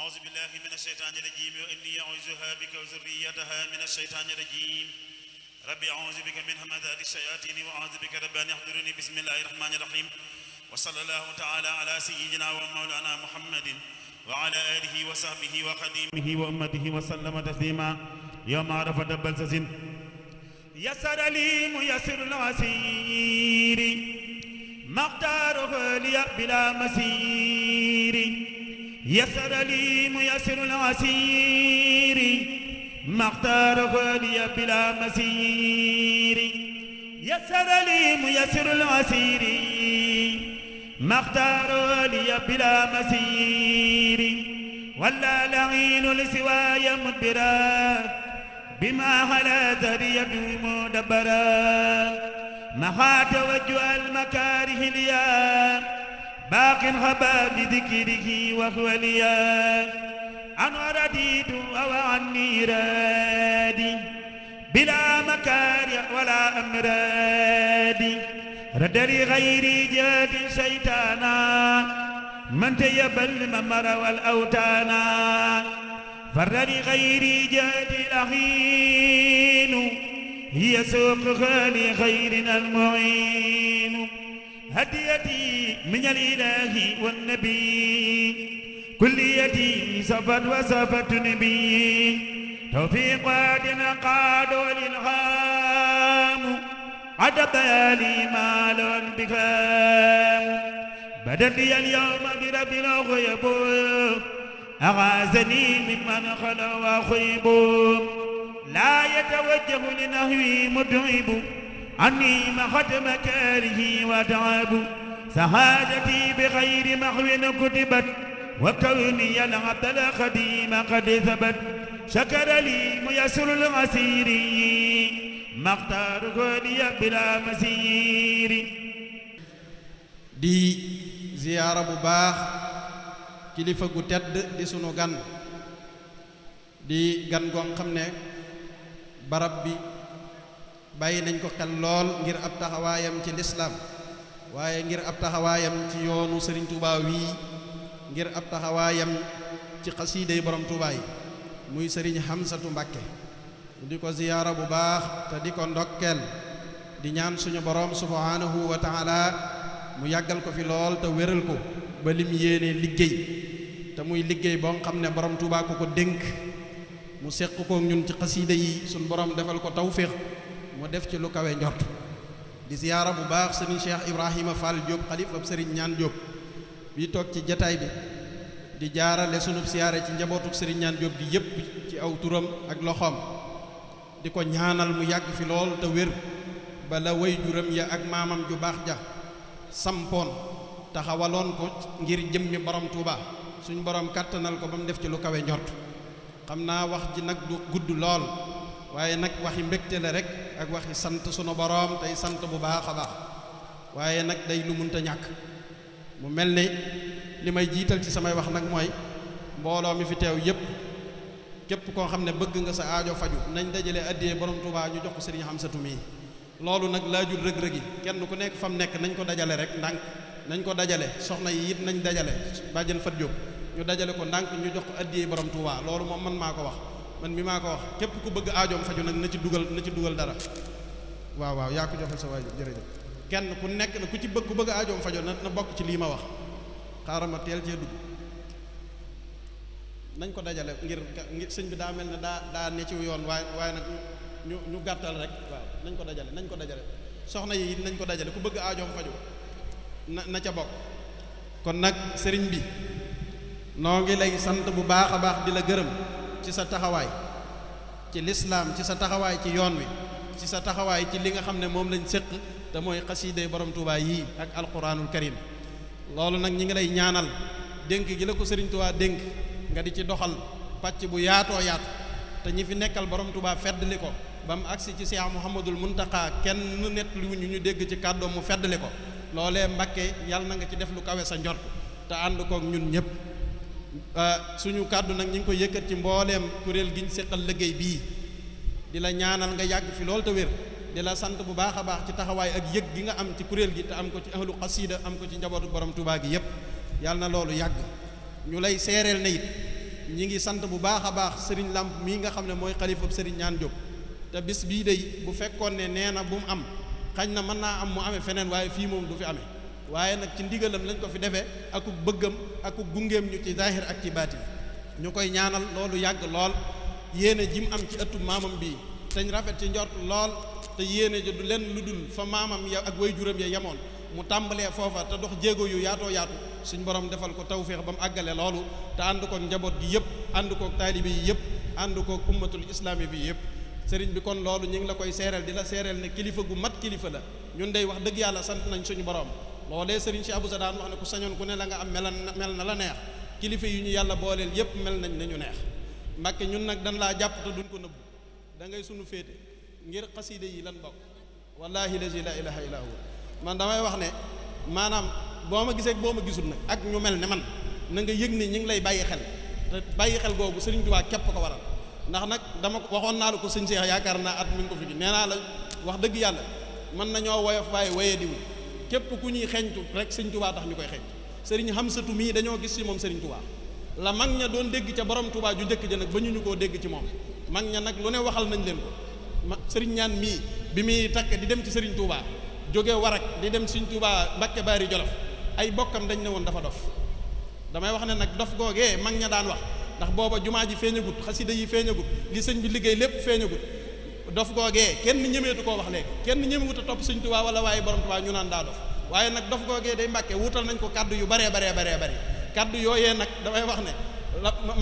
أعوذ بالله من الشيطان الرجيم وإني أعوذها بك وذريتها من الشيطان الرجيم ربي أعوذ بك من همذات الشياطين وأعوذ بك رب أن يحضرني بسم الله الرحمن الرحيم وصلى الله تعالى على سيدنا ومولانا محمد وعلى آله وصحبه وخديمه وأمته وسلم تسليما يوم عرفة دبل سزن يسر لي ميسر العسير مقداره لي بلا مسير يسر لي ميسر العسير ما اختاره لي بلا مسير يسر لي ميسر العسير ما اختاره لي بلا مسير ولا لعين لسواي مدبرا بما هلا ذري بمدبرا مخا توجه المكاره اليوم باق غبا بذكره وهو لي عن رديت أو عني رادي بلا مكارع ولا أمراد رد لغيري جاد شيطانا من تيبل ممر والأوتانا فرد لغيري جاد الأخين هي سوق غالي غيرنا المعين هديتي من الإله والنبي كليتي سفت وسفت نبي توفيق عاد قاد والإلهام عدد لي مال بكام بدت لي اليوم برب الغيب أغازني ممن خلو وخيب لا يتوجه لنهوي مدعب عني مخدم كاره وتعب سعادتي بغير محو كتبت وكوني العبد القديم قد ثبت شكر لي ميسر العسير ما اختاره لي بلا مسير di ziyaara bu baax kilifa gu tedd di sunu gan di gan goo xam ne barab bi bàyyi nañ ko xel lool ngir ab taxawaayam ci lislaam waaye ngir ab taxawaayam ci yoonu sëriñ Touba wii ngir ab taxawaayam ci xasiiday yi Touba yi muy sëriñ Hamsatu Mbàkke di ko ziyaara bu baax te di ko ndokkeel di ñaan suñu borom subhaanahu wa taala mu yàggal ko fi lool te wéral ko ba lim yéene liggéey te muy liggéey boo xam ne borom Touba ko ko dénk mu seq koo ñun ci xasiida yi suñu borom defal ko tawféex mu def ci lu kawe njort di ziyaara bu baax sëriñ Cheikh Ibrahima Fall Diop xalif ab sëriñ ñaan Diop bi toog ci jataay bi di jaarale sunub siyaare ci njabootuk sëriñaan ñaan bi yépp ci aw turam ak loxoom di ko ñaanal mu yàgg fi lool te wér bala way juram ya ak maamam ju baax ja sampoon taxawaloon ko ngir jëmmi borom Touba suñu borom kàttanal ko ba mu def ci lu kawe njort xam naa wax ji nag du gudd lool waaye nag waxi mbégte la rek ak waxi sant sunu boroom tey sant bu baax a baax waaye nag day lu munta ñàkk mu mel ni li may jiital ci samay wax nag mooy mbooloo mi fi teew yépp képp koo xam ne bëgg nga sa aajo faju nañ dajale addiyee borom Tuubaa ñu jox ko Sëriñ Xamsatu mii loolu nag laajul rëg-rëg yi kenn ku nekk fa mu nekk nañ ko dajale rek ndànk nañ ko dajale soxna yi it nañ dajale bàjjen fat jóg ñu dajale ko ndànk ñu jox ko addiyee borom Tuubaa loolu moom man maa ko wax man mi maa ko wax képp ku bëgg aajoom faju nag na ci dugal na ci dugal dara waaw waaw yaa ko joxal sa waajur jërëjëf kenn ku nekk na ku ci bëgg ku bëgg aajoom fajo na na bokk ci lii ma wax xaaral ma teel cee dugg nañ ko dajale ngir sëñ bi daa mel ne daa daa ne yoon waaye waaye nag ñu ñu gàttal rek waaw nañ ko dajale nañ ko dajale soxna yi nañ ko dajale ku bëgg aajoom faju na na ca bokk kon nag sëriñ bi noo ngi lay sant bu baax a baax di la gërëm ci sa taxawaay ci lislaam ci sa taxawaay ci yoon wi ci sa taxawaay ci li nga xam ne moom lañ séq te mooy xasiiday borom Tuubaa yii ak alquranul karim loolu nag ñi ngi lay ñaanal dénk gi la ko Sëriñ Tuubaa dénk nga di ci doxal pàcc bu yaatoo yaatu te ñi fi nekkal borom Tuubaa feddli ko ba mu agsi ci Seex Muhammadul Muntaqa kenn nett lu ñu ñu dégg ci kàddoom mu feddli ko loolee Mbàkke yàlla na nga ci def lu kawe sa njort te ànd kook ñun ñëpp Euh, suñu kàddu nag ñi ngi koy yëkkat ci mbooleem kuréel gi ñu seqal liggéey bii di la ñaanal nga yàgg fi loolu te wér di la sant bu baax a baax ci taxawaay ak yëg gi nga am ci kuréel gi te am ko ci ahlu xasida am ko ci njabootu borom Tuubaa gi yépp yàlla na loolu yàgg ñu lay seereel na it ñi ngi sant bu baax a baax sëriñ làmp mii nga xam ne mooy xalifab sëriñ ñaan Diop te bis bii de bu fekkoon ne nee na bu mu am xañ na mën naa am mu amee feneen waaye fii moom du fi amee waaye nag ci ndigalam lañ ko fi defee ak ku bëggam ak ku gungeem ñu ci zahir ak ci baatin ñu koy ñaanal loolu yàgg lool yéene ji mu am ci ëttu maamam bii teñ rafet ci njort lool te yéene ji du leen lu dul fa maamam ya ak waajuram ya yemoon mu tàmbalee foofa te dox jéego yu yaatoo yaatu suñu borom defal ko tawféex ba mu àggale loolu te ànd kook njaboot gi yëpp ànd kook taalibe yi yëpp ànd kook ummatul islaami bi yëpp sëriñ bi kon loolu ñu ngi la koy seereel di seereel ne kilifa gu mat kilifa la ñun day wax dëgg yàlla sant nañ suñu borom loolee sëriñ si Abou Sadaan wax ne ku sañoon ku ne la nga am mel mel na la neex kilifa yu ñu yàlla booleel yépp mel nañ nañu neex mbàkke ñun nag dañ laa jàpp te duñ ko nëbbu da ngay sunu féete ngir xasiida yi lan bokk wallahi lazi la ilaha illa huwa man damay wax ne maanaam boo ma gisee boo ma gisul nag ak ñu mel ne man na nga yëg ne ñu ngi lay bàyyi xel te bàyyi xel googu sëriñ Tuubaa képp ko waral ndax nag dama ko waxoon naa la ko sëñ Seex yaakaar naa at mi ko fi nee naa la wax dëgg yàlla mën nañoo woyof waaye woyee diwul képp ku ñuy xeñtu rek sëñ tubaa tax ñu koy xeñtu sëriñ xamsatu mii dañoo gis ci moom sëriñ tubaa la mag ña doon dégg ca borom tubaa ju njëkk ja nag ba ñu ñu koo dégg ci moom mag ña nag lu ne waxal nañ leen ko sëriñ ñaan mii bi muy takk di dem ci sëriñ tubaa jóge warak di dem sëriñ tubaa Mbàkke Baari Jolof ay bokkam dañ ne woon dafa dof damay wax ne nag dof googee mag ña daan wax ndax booba jumaa ji feeñagut xasida yi feeñagut li sëñ bi liggéey lépp feeñagut dof googee kenn ñemeetu koo wax léegi kenn ñemewut a topp sëñ Tuubaa wala waaye borom Tuubaa ñu naan daa dof waaye nag dof googee day mbàkke wutal nañ ko kaddu yu baree baree baree bare kaddu yooyee nag damay wax ne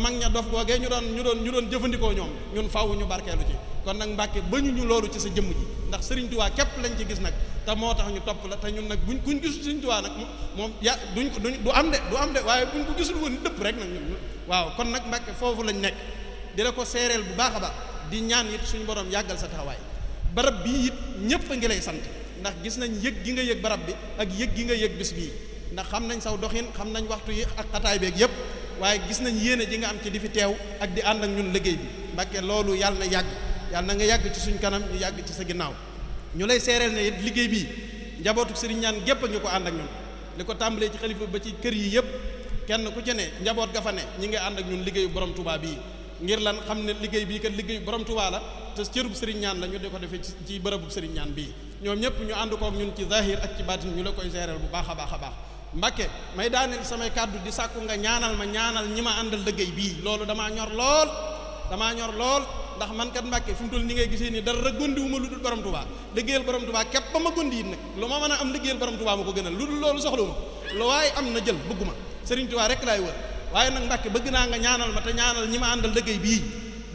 mag ña dof googee ñu doon ñu doon ñu doon jëfandikoo ñoom ñun faw ñu barkeelu ci kon nag mbàkke ba ñu ñu loolu ci sa jëmm ji ndax sëriñ Tuubaa képp lañ ci gis nag te moo tax ñu topp la te ñun nag buñ kuñ gisul sëriñ Tuubaa nag moom ya duñ ko duñ du am de du am de waaye buñ ko gisul woon dëpp rek nag waaw kon nag mbàkke foofu lañ nekk di la ko seereel bu baax a baax di ñaan it suñu borom yàggal sa taxawaay barab bii it ñëpp a ngi lay sant ndax gis nañ yëg gi nga yëg barab bi ak yëg gi nga yëg bis bii ndax xam nañ saw doxin xam nañu waxtu yi ak xataay beeg yëpp waaye gis nañ yéene ji nga am ci di fi teew ak di ànd ak ñun liggéey bi Mbàkke loolu yàlla na yàgg yàlla na nga yàgg ci suñu kanam ñu yàgg ci sa ginnaaw ñu lay seereel ne it liggéey bii njabootu sëriñ ñaan gépp ñu ko ànd ak ñun li ko tàmbalee ci xalifa ba ci kër yi yëpp kenn ku ci ne njaboot ga ne ñi nga ànd ak ñun liggéeyu borom Tuubaa bii ngir lan xam ne liggéey bii kat liggéey borom Tuubaa la te cërub sëriñ ñaan la ñu di ko defee ci bërëbu sëriñ ñaan bii ñoom ñëpp ñu ànd kook ñun ci zahir ak ci baatin ñu la koy gérer bu baax a baax a baax Mbàkke may daaneel samay kàddu di sàkku nga ñaanal ma ñaanal ñi ma àndal liggéey bii loolu damaa ñor lool damaa ñor lool ndax man kat Mbàkke fi mu toll ni ngay gisee nii dara gondi ma lu dul borom Tuubaa liggéeyal borom Tuubaa képp ba ma gondi it nag ma mën a am liggéeyal borom Tuubaa ma ko lu dul loolu soxlu waaye am na jël bëgguma sëriñ Tuubaa rek laay wër waaye nag Mbàkke bëgg naa nga ñaanal ma te ñaanal ñi ma àndal liggéey bii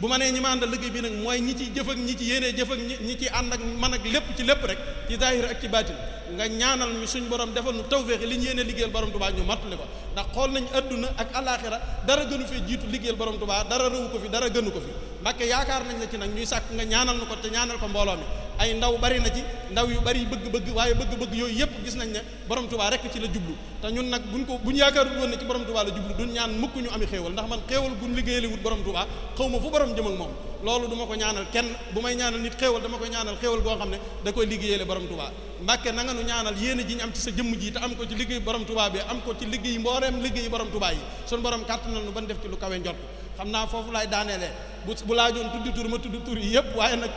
bu ma nee ñi ma àndal liggéey bii nag mooy ñi ciy jëfal ñi ci yéenee jëfal ñi ñi ci ànd ak man ak lépp ci lépp rek ci zahir ak ci baatin nga ñaanal ñu suñ borom defal nu tawféex li ñu yéene liggéeyal borom Tuubaa ñu mattule ko ndax xool nañ adduna ak alaxira dara gënu fee jiitu liggéeyal borom Tuubaa dara rëwu ko fi dara gënu ko fi Mbàkke yaakaar nañ la ci nag ñuy sàkk nga ñaanal nu ko te ñaanal ko mbooloo ay ndaw bari na ci ndaw yu bari bëgg-bëgg waaye bëgg-bëgg yooyu yëpp gis nañ ne borom tubaa rek ci la jublu te ñun nag buñ ko buñ yaakaarul woon ne ci borom tubaa la jublu duñ ñaan mukk ñu ami xéewal ndax man xéewal guñ liggéeyaliwut borom tubaa xaw ma fu borom jëm ak moom loolu duma ko ñaanal kenn bu may ñaanal nit xéewal dama ko ñaanal xéewal goo xam ne da koy liggéeyale borom tubaa mbàkke na nga nu ñaanal yéene ji ñu am ci sa jëmm ji te am ko ci liggéey borom tubaa bi ko ci liggéey mbooreem liggéey borom tubaa yi sun borom kàttanal nu lu kawe njort xam naa foofu lay daaneelee bu bu laajoon tudd tur ma tudd tur yi yëpp waaye nag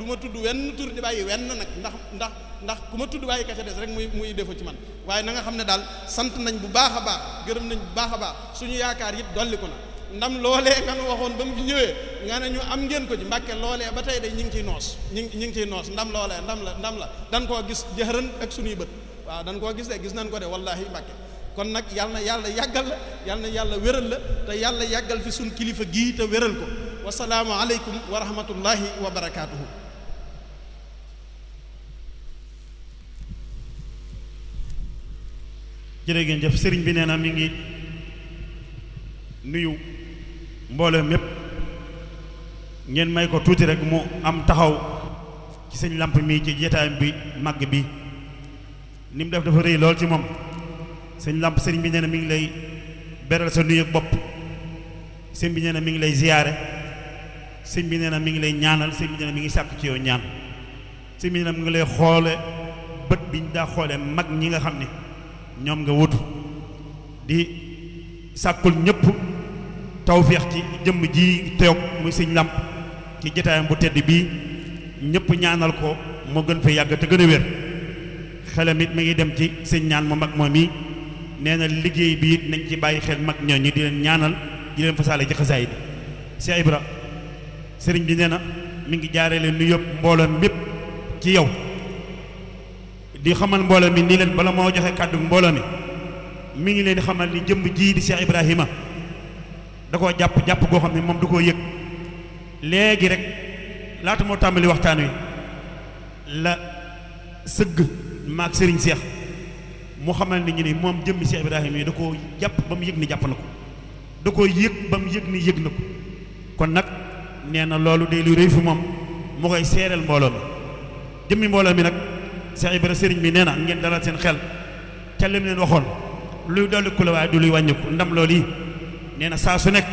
du ma tudd wenn tur di bàyyi wenn nag ndax ndax ndax ku ma tudd bàyyi ka ca des rek muy muy defa ci man waaye nanga xam ne daal sant nañ bu baax a baax gërëm nañ bu baax a baax suñu yaakaar yëpp dolli ko na ndam loolee nga nu waxoon ba mu fi ñëwee nga ne ñu am ngeen ko ci mbàkke loolee ba tey de ñu ngi ciy noos ñu ngi ñu ngi ciy noos ndam loolee ndam la ndam la dan koo gis jëxëran ak suñuy bët waa dan koo gis gis nañ ko de wallahi mbàkke kon nag yàlla na yàlla yàggal la yàlla yàlla wéral la te yàlla yàggal fi suñ kilifa gii te wéral ko wasalaamu aleykum wa rahmatullahi wa barakaatuhu. sëriñ bi nee na mi ngi nuyu mbooloo mépp ngeen may ko tuuti rek mu am taxaw ci sëñ làmp mi ci jetaayam bi màgg bi ni mu def dafa rëy lool ci moom sëñ làmp sëriñ bi nee na mi ngi lay beral sa nuyu bopp sëriñ bi nee na mi ngi lay ziyaare sëñ bi nee na mi ngi lay ñaanal sëñ bi mi ngi sàkk ci yow ñaan sëñ bi na mi ngi lay xoole bët bi ñu daa xoole mag ñi nga xam ne ñoom nga wutu di sàkkul ñëpp tawféex ci jëmm ji teew muy sëñ làmp ci jotaayam bu tedd bii ñëpp ñaanal ko moo gën fa yàgg te gën a wér xelam it mi ngi dem ci sëñ ñaan mu mag moom yi nee na liggéey bi it nañ ci bàyyi xel mag ñoo ñi di leen ñaanal di leen fasaale ci xasaay bi Cheikh Ibra sëriñ bi nee na mi ngi leen nu yëpp mbooloo mépp ci yow di xamal mbooloo mi nii leen bala moo joxe kàddu mbooloo mi mu ngi leen xamal ni jëmb jii di Cheikh Ibrahima da koo jàpp jàpp goo xam ne moom du koo yëg léegi rek laata moo tàmbali waxtaan wi la sëgg maag sëriñ Cheikh mu xamal moom jëmmi Cheikh Ibrahima yi da ko jàpp ba mu yëg ni jàpp na ko da koo yëg ba mu yëg ni yëg na ko kon nag nee na loolu day lu rëy fi moom mu koy seereel mbooloo mi jëmmi mbooloo mi nag sa Ibra sëriñ bi nee na ngeen dalal seen xel ca lim leen waxoon luy dolliku la waaye du luy wàññiku ndam loolu yi nee na saa su nekk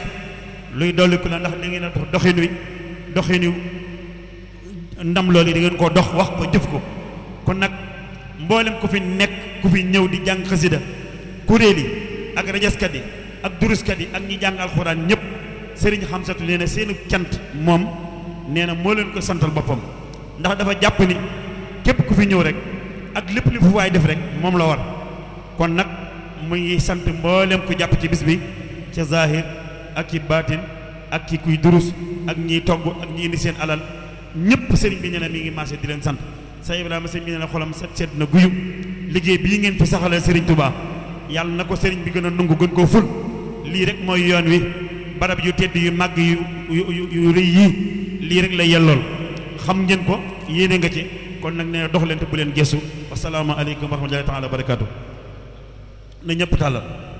luy dolliku la ndax da ngeen a doxin wi doxin wi ndam loolu yi dangeen ngeen koo dox wax ko jëf ko kon nag mboolem ku fi nekk ku fi ñëw di jàng xasida kuréel yi ak rajaskat yi ak duruskat ak ñi jàng alxuraan ñëpp sëriñ Xamsatu nee na seenu cant moom nee na moo leen ko santal boppam ndax dafa jàpp ni képp ku fi ñëw rek ak lépp li waaye def rek moom la war kon nag muy ngi sant mboolem ku jàpp ci bis bi ci zahir ak ci baatin ak ci kuy durus ak ñiy togg ak ñi ni seen alal ñëpp sëriñ bi nee na mi ngi marché di leen sant sa Ibrahima sëriñ bi nee na xolam set set na guyu liggéey bii ngeen fi saxalee sëriñ Touba yàlla na ko sëriñ bi gën a nungu gën koo ful lii rek mooy yoon wi barab yu tedd yu màgg yu yu rëy yii lii rek la yellool xam ngeen ko yéene nga ci kon nag nee dox leen te bu leen gesu wasalaamaaleykum wa rahmatullahi taala wa barakaatu na ñëpp tàllal